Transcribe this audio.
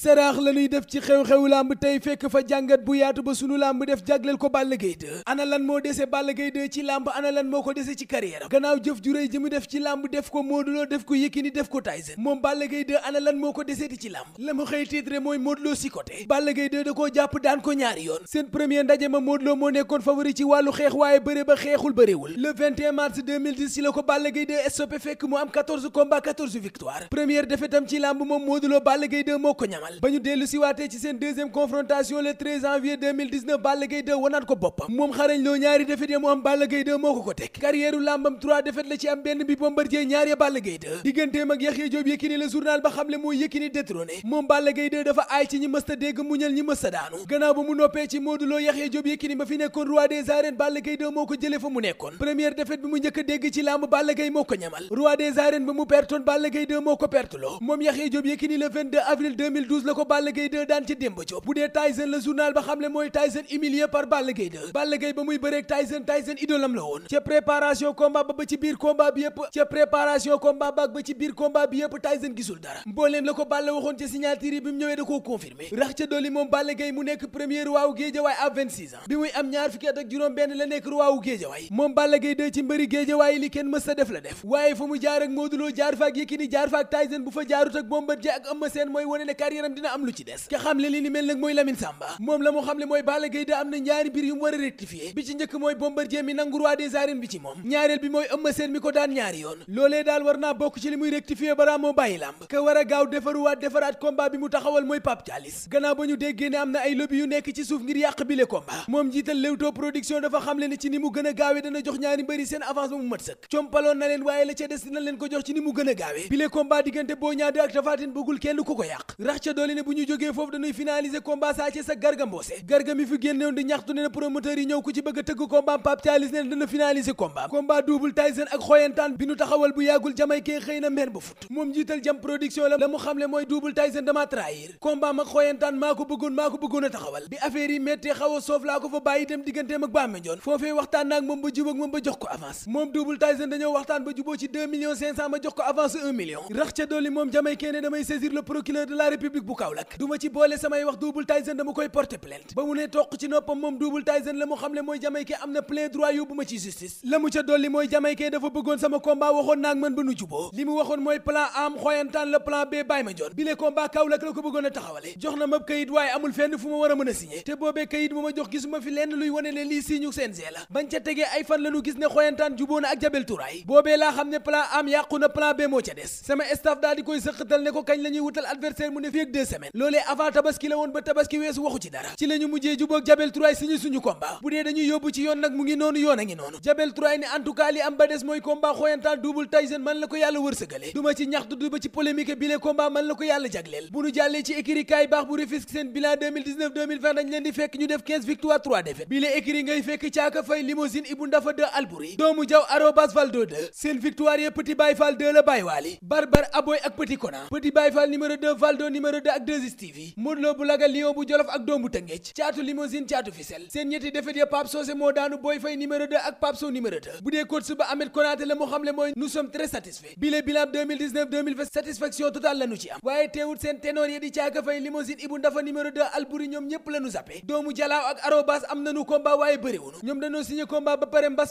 saraax la ñuy def ci xew-xewu lamb tey fekk fa jàngat bu yaatu ba sunu lamb def jagleel ko Balla Gaye 2 ana lan moo dese Balla Gaye ci lamb ana lan moo ko dese ci carrière gannaaw jëf ju ji mu def ci lamb def ko Modou def ko Yékini def ko Tyson moom Balla Gaye 2 ana lan moo ko deseeti ci lamb la mu xëy titre mooy Modou Lo si côté Balla Gaye 2 da koo jàpp daan ko ñaari yoon seen premier ndaje ma Modou moo nekkoon favori ci wàllu xeex waaye bëre ba xeexul bëreewul le 21 mars 2010 ci ci lamb moom Modou Lo normal ba ñu dellu siwaatee ci seen deuxième confrontation le 13 janvier 2019 Balla Gaye 2 wanaat ko boppam moom xarañ loo ñaari défaite ya mu am Balla Gaye 2 moo ko ko teg carrièreu làmbam 3 défaite la ci am benn bi Bombardier ñaar ya Balla Gaye 2 digganteem ak Yaxya Joob Yékini la journal ba xamle moo Yékini détrôné moom Balla Gaye 2 dafa aay ci ñi mësta dégg muñal ñi mësta daanu gannaaw ba mu noppee ci moo ko jële fa mu Joob Yékini la ko Balla Gaye daan ci Demba Diop bu dee Tyson la journal ba xamle mooy Tyson humilié par Balla Gaye 2 ba muy bëreeg Tyson Tyson idolam la woon ca préparation combat ba ba ci biir combat bi yëpp ca préparation combat ba ba ci biir combat bi yëpp Tyson gisul dara mbooleem la ko Balla waxoon ca signature bi mu ñëwee da koo confirmé rax ca dolli moom Balla mu nekk premier waawu géejawaay à 26 ans bi muy am ñaar fukki ak juróom benn yaram dina am lu ci des ka xamle li ni mel nag mooy Lamine Samba moom la mu xamle mooy Balla Gaye am na ñaari mbir yu mu war a bi ci njëkk mooy Bombardier mi nangu roi des bi ci moom ñaareel bi mooy Eumeu Sène mi ko daan ñaari yoon loolee daal war naa bokk ci li muy rectifier bara moo bàyyi lamb ka war a gaaw defaruwaat defaraat combat bi mu taxawal mooy Pape Thialis gannaaw ba ñu déggee ne am na ay lobby yu nekk ci suuf ngir yàq bile combat a gaawee dana jox ñaari mbëri seen avance ba mu a gaawee bile combat diggante Boy Niang ca dooli ne bu ñu jógee foofu dañuy finaliser combat Sa Thiès ak fi génnewoon di ñaxtu ne na promoteur yi ñëw ku ci bëgg a tëgg combat Pape Thialis ne dana finaliser combat combat double Tyson ak xoyantaan bi nu taxawal bu yàggul jamaykee xëy na mer ba fut moom jiital jam production la la mu xamle mooy double Tyson dama trahir combat mag xoyantaan maa ko bëggoon maa ko bëggoon a taxawal bi affaire yi mettee xaw a soof laa ko fa bàyyi dem république bu Kaolack du ma ci boole samay wax Double Tyson dama koy porter plainte ba mu ne toq ci noppam moom Double Tyson la mu xam le mooy jamaykee am na plein droit yóbbu ma ci justice la mu la ko bëggoon a taxawale jox na ma kayit waaye amul fenn fu ma war a mën a signé te boobee kayit mu ma jox gisuma fi lenn luy wane ne lii siñu CNG la bañ ca tegee ay fan la gis ne xoyantaan juboo na ak jabel turaay boobee laa xam ne plan am yàqu na plan deux semaines tabaski la woon ba tabaski weesu waxu ci dara ci la mujjee jubóog jabel turaay signé suñu combat bu dee dañuy yóbbu ci yoon nag mu ngi noonu yoon a ngi noonu jabel turaay ne en am ba des mooy combat xooyantaan double Tyson man la ko yàlla wërsëgale duma ci ñaxtu du ba ci polémique bi le man la ko yàlla jagleel bu nu jàllee ci écurie baax bu Rufisque seen bilan 2019 2020 di fekk ñu def victoire 3 défaites bi le écurie ngay numéro 2 bu Laga Lion bu Jolof ak Dombu Tëngéej caatu limousine caatu Ficelle seen ñetti defet ya Pape Socé moo daanu Boy Faye numéro 2 ak Pape Sow numéro 2 bu dee coach ba la mu xamle mooy nous sommes très satisfaits bile bilan 2019 2020 satisfaction ci am waaye teewut seen ténor yi di caaka fay limousine Ibou Ndafa numéro 2 Albouri ñoom ñépp la nu doomu Jalaaw ak Arobas am nanu combat waaye bëriwunu ñoom dañoo signé combat ba pare mbas